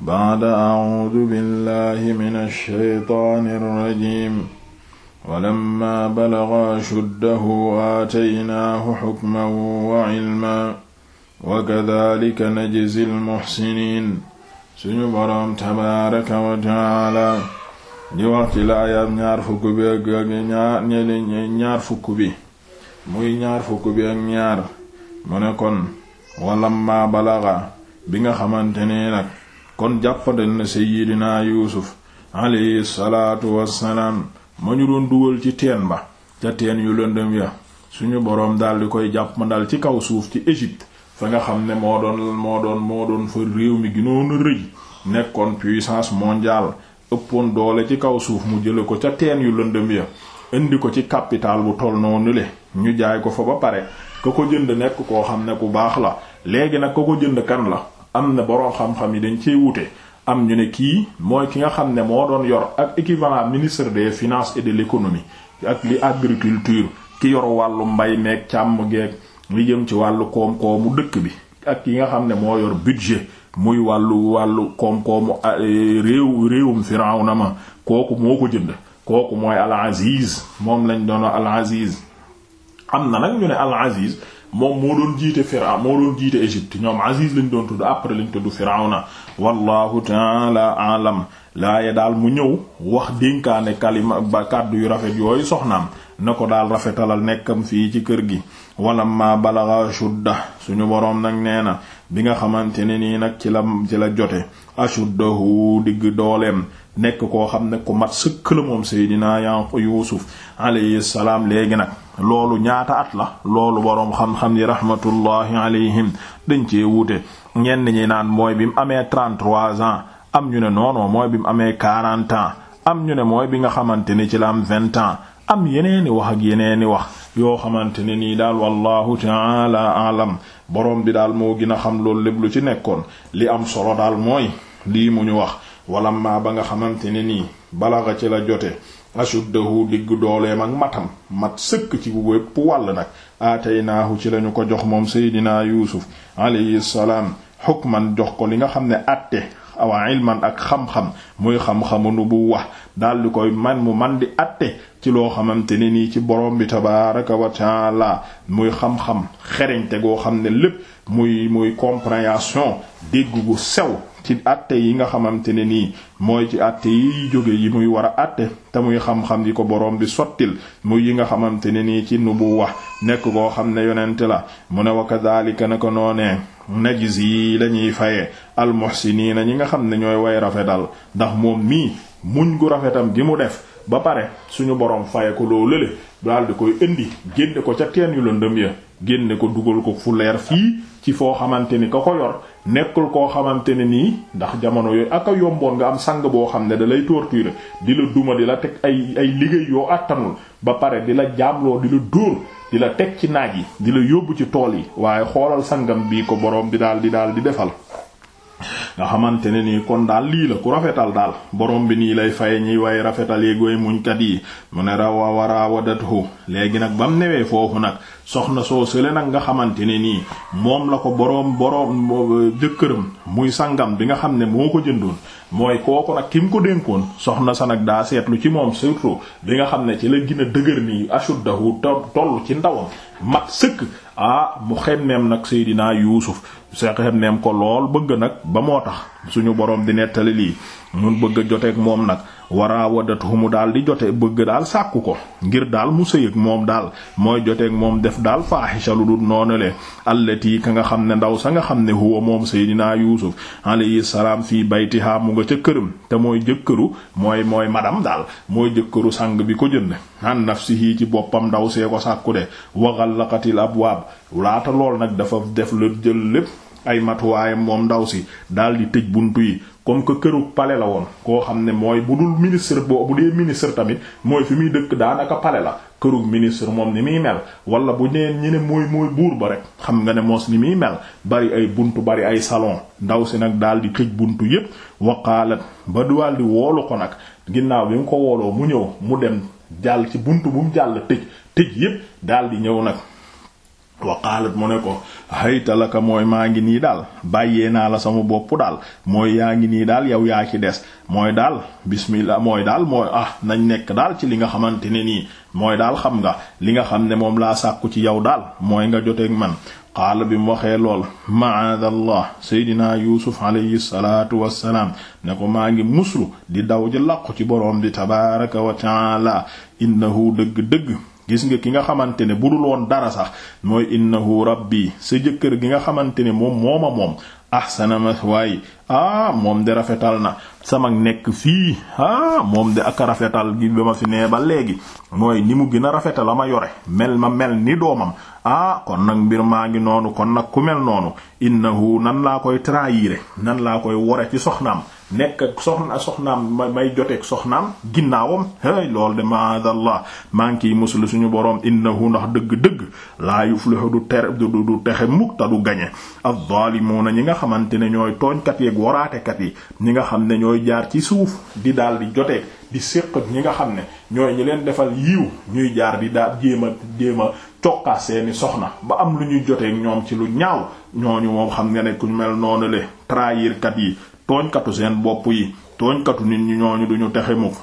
bacda acuudu billahi min alsheytaani alrajim walamma balaga ashuddahu aataynaahu xukman wa cilma wa kadalika najzi almuxsiniin suñu boroom tabaaraka wa tacaala di wax ci la ayaab ñaar fukk bi ak ñaar ñaar fukk bi muy ñaar fukk bi ak ñaar mu ne kon walamma balaga bi nga xamante ne nag kon jàppandañ na seyyidinaa yuusuf alayhi salaatu wassalaam ma ñu doon dugal ci teen ba ca teen yu lëndëm ya suñu boroom daldi koy jàppandal ci kaw suuf ci Égypte fa nga xam ne moo doon moo doon moo doon fa réew mi ginoon a rëy nekkoon puissance mondial ëppoon doole ci kaw suuf mu jële ko ca teen yu lëndëm ya indi ko ci capital bu toll noonu le ñu jaay ko fa ba pare ka ko jënd nekk koo xam ne ku baax la léegi nag ka ko jënd kan la am na boroom xam-xam yi dañ cee wuute am ñu ne kii mooy ki nga xam ne moo doon yor ak équivalent ministre des finance et de l'économie ak li agriculture ki yor wàllu mbay meeg càmm geeg li jëm ci wàllu koom-koomu dëkk bi ak ki nga xam ne moo yor budget muy wàllu wàllu koom-koomu ah, eh, réew réewum Firawna ma kooku moo ko jënd kooku mooy Al Aziz moom lañ doon Al Aziz am na nag ñu ne Al Aziz moom moo doon jiite Firawn moo doon jiite Égypte ñoom Aziz lañ doon tudd après lañ tudd Firawna wallahu taala alam laaye daal mu ñëw wax dénkaane kalima ba kàddu yu rafet yooyu soxnaam na ko daal rafetalal nekkam fii ci kër gi wala ma balaga da suñu boroom nag nee na bi nga xamante ne nii nag ci la ci la jote ashuddahu digg dooleem nekk ko xam ne ko mat sëkk la moom Seydina yan Yuusuf alayhi salaam léegi nag loolu ñaata at la loolu boroom xam-xam yi rahmatullahi alayhim dañ cee wuute ñenn ñi naan mooy bi mu amee 33 ans am ñu ne noonon mooy bi mu amee 40 ans am ñu ne mooy bi nga xamante ni ci la am 20 ans am yeneeni wax ak yeneeni wax yoo xamante ne nii daal wallahu taala alam boroom bi daal moo gën a xam loolu lépp lu ci nekkoon li am solo daal mooy lii mu ñu wax wala maa ba nga xamante ne nii balaxa ci la jote ashuddahu diggu dooleem ak matam mat sëkk ci wépp wàll nag naaxu ci lañu ko jox moom seydinaa yuusuf alayhi salaam xukman jox ko li nga xam ne àtte awa ilman ak xam-xam muy xam-xamu nubuwa daldi koy man mu man di àtte ci loo xamante ne nii ci borom bi tabaaraka wa taala muy xam-xam xereñte goo xam ne lépp muy muy compréhension dégg gu sew ci àtte yi nga xamante ne nii mooy ci àtte yi jóge yi muy war a àtte te muy xam-xam yi ko boroom bi sottil muy yi nga xamante ne nii ci nu wax nekk koo xam ne yonent la mu ne wa kadhalika ne ko noonee yi lañuy faye almuhsiniina ñi nga xam ne ñooy way rafetal ndax moom mii muñ gu rafetam gi mu def ba pare suñu borom faye ko loo lële daal di koy indi génne ko ca teen yu lëndëm ya génne ko dugal ko fu leer fii ci foo xamante ni ka ko yor nekkul koo xamante ne nii ndax jamono yooyu ak a yomboon nga am sang boo xam ne da lay torturer di la duma di la teg ay ay liggéey yoo àttanul ba pare di la jaamloo di la dóor di la teg ci naaj yi di la yóbbu ci tool yi waaye xoolal sangam bii ko boroom di daal di daal di defal nga xamante ne nii kon daal lii la ku rafetal daal borom bi nii lay fay ñi way rafetal yi goy muñkat yi mu ne rawa waraawadathu léegi nag bam newee foofu nag soxna soo sële nag nga xamante ne nii moom la ko boroom boroom jëkkëram muy sangam bi nga xam ne moo ko jëndoon mooy kooku nag ki mu ko dénkoon soxna sa nag daa seetlu ci moom surtout bi nga xam ne ci la gën a dëgër nii ashuddahu toll ci ndawam mat sëkk ah mu xemmeem nag Seydina Yuusuf sexem neem ko lool bëgg nag ba moo tax suñu borom di nettali lii mun bëgg a joteeg moom nag waraa wadat humu daal di jote bëgg daal sàkku ko ngir daal mu sëyëg moom daal mooy joteek moom def daal faaxisa lu dul noonule allati ka nga xam ne ndaw sa nga xam ne huwa moom seydinaa yuusuf alayhi salaam fii baytihaa mu nga ca këram te mooy jëkkëru mooy mooy madam daal mooy jëkkëru sàng bi ko jënd si nafsihi ci boppam ndaw see ko sàkku de wa ghallaqatil abwaab laata lool nag dafa def la jël lépp ay matuwaayam moom ndaw si daal di tëj buntu yi comme que këru palais la woon koo xam ne mooy bu dul ministre boobu bu dee ministre tamit mooy fi muy dëkk daanaka palais la kërug ministre moom ni muy mel wala bu ñeen ñi ne mooy mooy buur ba rek xam nga ne moos ni muy mel bari ay buntu bari ay salon ndaw si nag daal di tëj buntu yépp waqaalat ba duwal di woolu ko nag ginnaaw bi mu ko wooloo mu ñëw mu dem jàll ci buntu bu mu jàll tëj tëj yépp daal di ñëw nag wa qaalat mu ne ko haytalaka mooy maa ngi nii daal bàyyee naa la sama bopp daal mooy yaa ngi nii daal yow yaa ci des mooy daal bismillah mooy daal mooy ah nañ nekk daal ci li nga xamante ne nii mooy daal xam nga li nga xam ne moom laa sàkku ci yow daal mooy nga joteeg man qaala bi mu waxee lool maadallah seydinaa yuusuf alayhi salaatu wassalaam ne ko maa ngi muslu di daw ji làqu ci boroom di tabaaraka wa taala innahu dëgg-dëgg gis nga ki nga xamante ne budul woon dara sax mooy innahu bii sa jëkkër gi nga xamante ne moom mooma moom ah ma waaye ah moom de rafetal na sama nekk fii ah moom de ak rafetal gi ba ma fi nee ba léegi mooy ni mu gën a rafetal la ma yore mel ma mel ni doomam ah kon nag mbir maa ngi noonu kon nag ku mel noonu innahu nan laa koy trahir nan laa koy wore ci soxnaam nekk ak soxna soxnaam may joteeg soxnaam ginnaawam hey loolu de maadallah maa ngi suñu boroom innahu ndax dëgg-dëgg laa yuflihu du ter du du texe mukk ta du gañe az-zalimuna ñi nga xamante ne ñooy tooñkat yeeg waraatekat yi ñi nga xam ne ñooy jaar ci suuf di daal di joteeg di séq ñi nga xam ne ñooy ñi leen defal yiw ñuy jaar di daal jéem a jéem a cokkaas seeni soxna ba am lu ñuy joteeg ñoom ci lu ñaaw ñooñu moom xam nga ne ku mel noonu le trahir kat yi tooñkatu seen bopp yi tooñkatu nit ñi ñooñu duñu texe mukk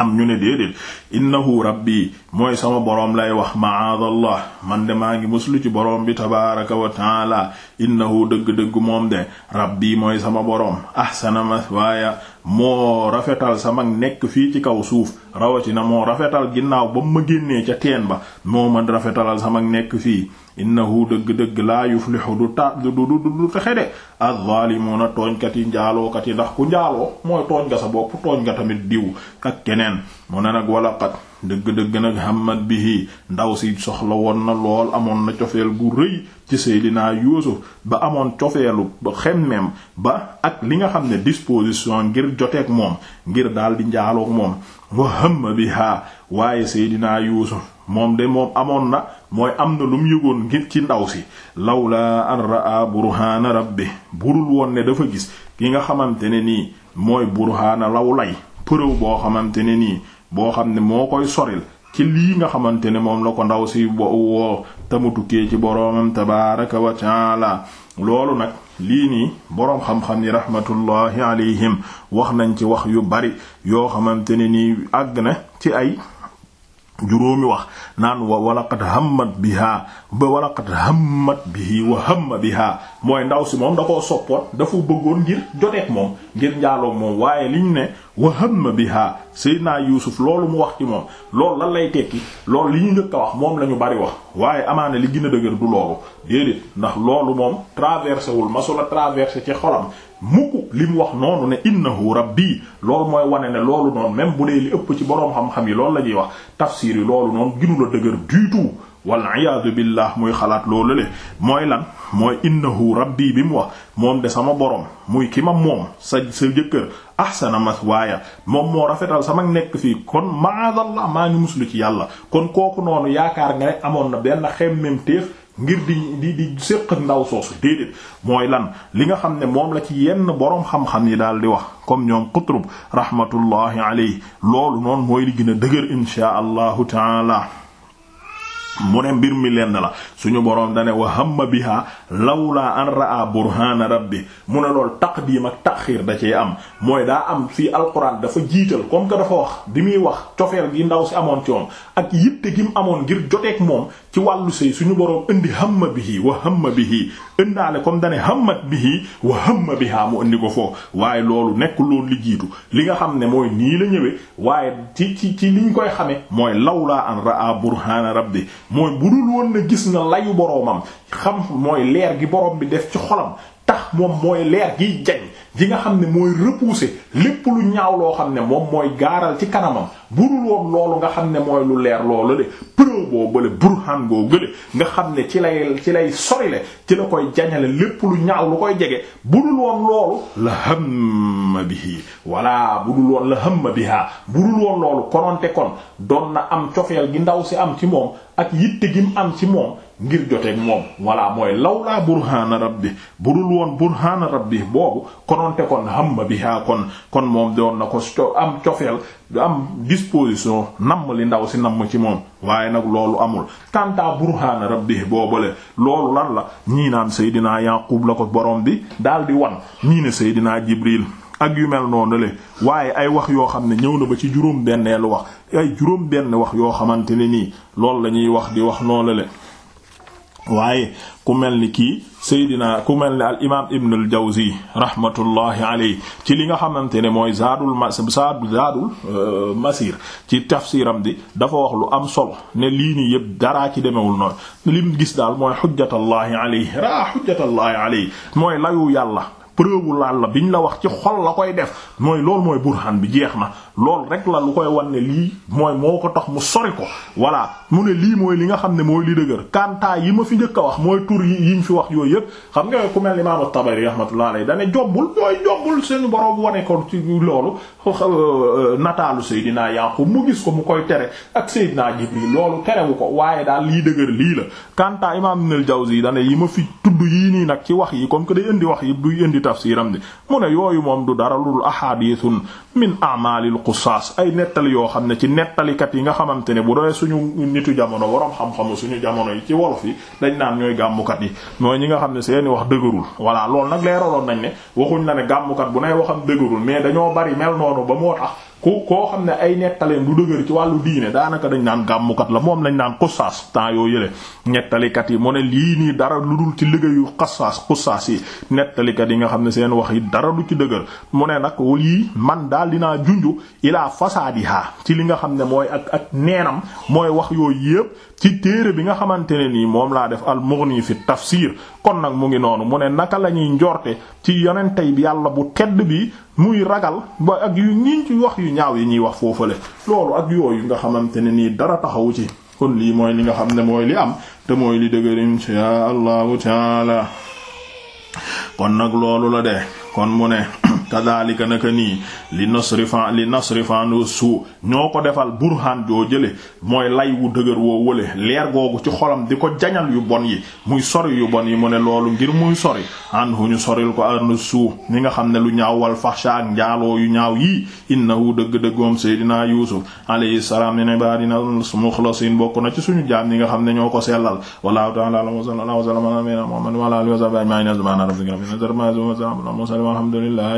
am ñu ne déedéet innahu rabbi mooy sama boroom lay wax maadallah man de maa ngi muslu ci boroom bi tabaraka wa taala innahu dëgg-dëgg moom de rabbi mooy sama boroom ahsana waaye moo rafetal sama nekk fii ci kaw suuf rawatina moo rafetal ginnaaw ba mu ma génnee ca teen ba moo man rafetalal sama nekk fii innahu dëgg-dëgg laa yuflihu du ta du du du texe de az-zaalimuuna tooñkat yi njaalookat yi ndax ku njaaloo mooy tooñ nga sa bopp tooñ nga tamit diw ak keneen mu ne nag pat dëgg-dëgg nag hammat bihi ndaw si soxla woon na lool amoon na cofeel gu rëy ci Seydina Yuusuf ba amoon cofeelu ba xemmem ba ak li nga xam ne disposition ngir joteeg moom ngir daal di njaaloog moom wa hamma biha waaye Seydina Yuusuf moom de moom amoon na mooy am na lum mu yëgoon ngir ci ndaw si lawla an raa burhaana rabbi burul woon ne dafa gis ki nga xamante ne nii mooy burhaana law lay përëw boo xamante ne nii boo xam ne moo koy soril ci lii nga xamante ne moom la ko ndaw si bo woo tamu tukkee ci boroomam tabaaraka wa taala loolu nag lii nii boroom xam-xam yi rahmatullahi alayhim wax nañ ci wax yu bari yoo xamante ne nii àgg na ci ay juróomi wax naan wa walaqad hammat biha ba walaqad hammat bihi wa hamma biha mooy ndaw si moom da koo soppoon dafa bëggoon ngir joteek moom ngir njaaloog moom waaye ñu ne wa bi hamma biha Seydina Yuusuf loolu mu wax ci moom loolu lan lay tekki loolu li ñu njëkk a wax moom la ñu bari wax waaye amaane li gën a dëgër du loolu déedéet ndax loolu moom traversé wul masula traversé ci xolam mukk li mu wax noonu ne innahu rabbi loolu mooy wane ne loolu noonu même bu dee li ëpp ci boroom xam-xam yi loolu la ñuy wax tafsir yi loolu noonu ginu la dëgër du tout walla iyaadu billah muy xalaat loolu le mooy lan mooy innahu rabbi bi mu wax moom de sama borom muy ki ma moom sa sa jëkkër ahsana waaye moom moo rafetal sama nekk fii kon maadallah maa ngi muslu ci yàlla kon kooku noonu yaakaar nga ne amoon na benn xemmemteef ngir di di di séq ndaw soosu déedéet mooy lan li nga xam ne moom la ci yenn boroom xam-xam yi daal di wax comme ñoom Qutrub rahmatullahi alayhi loolu noonu mooy li gën a dëgër inshaa allahu taala mu ne mbir mi lenn la suñu boroom dane wa hamma biha lawla an raa burhana rabbi mu ne lool taqdiim ak xiir da cee am mooy daa am fii alquran dafa jiital comme que dafa wax di muy wax cofeel gi ndaw si amoon ci moom ak yitte gi mu amoon ngir joteek moom ci wàllu sëy suñu boroom indi hamma bihi wa hamma bihi indaale comme dane hammat bihi wa hamma biha mu indi ko foofu waaye loolu nekk loolu li jiitu li nga xam ne mooy nii la ñëwee waaye ci ci ci liñ koy xame mooy lawla an raa burhana rabbi mooy bu dul woon na gis na layu boroomam xam mooy leer gi borom bi def ci xolam tax moom mooy leer giy jañ ji nga xam ne mooy repousser lépp lu ñaaw loo xam ne moom mooy gaaral ci kanamam burul woon loolu nga xam ne mooy lu leer loolu le preuve boo bële burhan nga xam ne ci lay ci lay sorile ci la koy jañale lépp lu ñaaw lu koy jege burul woon la hamma bihi walla budul woon la hamma burul woon loolu kononte kon doon na am cofeel gi ndaw si am ci moom ak yitte gi mu am ci moom ngir joteeg moom walla mooy lawlaa burhaana rabbi budul woon burhaana bi boobu konoonte kon hamma biha kon kon moom doon na ko am cofeel am disposition namm li ndaw si namm ci moom waaye nag loolu amul kanta burhaana rabbi boobale loolu lan la ñii naan seydinaa yaqub la ko borom bi daal di wan ñii ne seydinaa jibril ak yu mel noonu le waaye ay wax yoo xam ne ñëw na ba ci juróom benneelu wax ay juróom benn wax yoo xamante ne nii loolu la ñuy wax di wax noonu waaye ku mel ni kii Seydina ku mel ni al imaam Ibn al Jawzi rahmatullahi alayhi ci li nga xamante ne mooy Zaadul ma euh, Zaadul Masir ci tafsiram bi dafa wax lu am solo ne lii nii yëpp daraa ki demewul noonu lim gis daal mooy xujjatallahi alayhi raa xujjatallahi alayhi mooy layu yàlla. preuve laal la bi biñ la wax ci xol la koy def mooy lool mooy burhan bi jeex na loolu rek la lu koy wan ne lii mooy moo ko tax mu sori ko voilà mu ne lii mooy li nga xam ne mooy li dëgër kantaa yi ma fi njëkk a wax mooy tur yi yiñ fi wax yooyu yëpp xam nga ku mel imaam at-Tabari rahmatullah alayhi dane jombul yooyu jombul suñu boroom wane ko ci loolu euh, nataalu Seydina Yaqub mu gis ko mu koy tere ak Seydina Jibril loolu ko waaye daal lii dëgër lii la kantaa imaam Ibn al-Jawzi dane yi ma fi du yii nii nag ci wax yi comme que day indi wax yi buy indi tafsiram ni mu ne yooyu moom du dara ludul ahadithun min a'malil qusaas ay nettali yoo xam ne ci nettalikat yi nga xamante ne bu doon suñu nitu jamono waroom xam-xamu suñu jamono yi ci wolof yi dañ naan ñooy gàmmukat yi mooy ñi nga xam ne seeni wax dëgërul voilà loolu nag leeraloon nañ ne waxuñ la ne gàmmukat bu nay waxam dëgërul mais dañoo bari mel noonu ba moo tax ku koo xam ne ay nettaleem lu dëgër ci wàllu diine daanaka dañ naan gàmmukat la moom lañ naan xusaas temps yoo yële nettalikat yi mu ne lii nii dara lu dul ci liggéeyu xusaas xusaas yi nettalikat yi nga xam ne seen wax yi dara lu ci dëgër mu ne nag lii man daal dinaa junju ilaa fasaadiha ci li nga xam ne mooy ak ak neenam mooy wax yooyu yépp ci téere bi nga xamante ne nii moom laa def al-Mughni fi tafsir kon nag mu ngi noonu mu ne naka la ñuy njorte ci yonentey bi yàlla bu tedd bi muy ragal ba ak yu ñiñ ci wax yu ñaaw yi ñuy wax foofale loolu ak yooyu nga xamante ne nii dara taxawu ci kon lii mooy li nga xam ne mooy li am te mooy li dëgër insha allahu taala kon nag loolu la de kon mu ne kadhalika naka nii li nasrifa li nasrifa no suu ñoo ko defal burhan joo jële mooy lay wu dëgër woo wële leer googu ci xolam di ko jañal yu bon yi muy sori yu bon yi mu ne loolu ngir muy sori anhu ñu soril ko arna suu ñi nga xam ne lu ñaaw wal fahsha ak njaaloo yu ñaaw yii innahu dëgg-dëggoom seydinaa yusuf alayhi salaam ne ne ba dina muxlasiin bokk na ci suñu jaam ñi nga xam ne ñoo ko sellal wallahu ta'ala a'lam wa sallallahu alaihi wa sallam ala muhammad wa ala alihi wa sahbihi ajma'in subhana rabbika rabbil izzati amma yasifun wa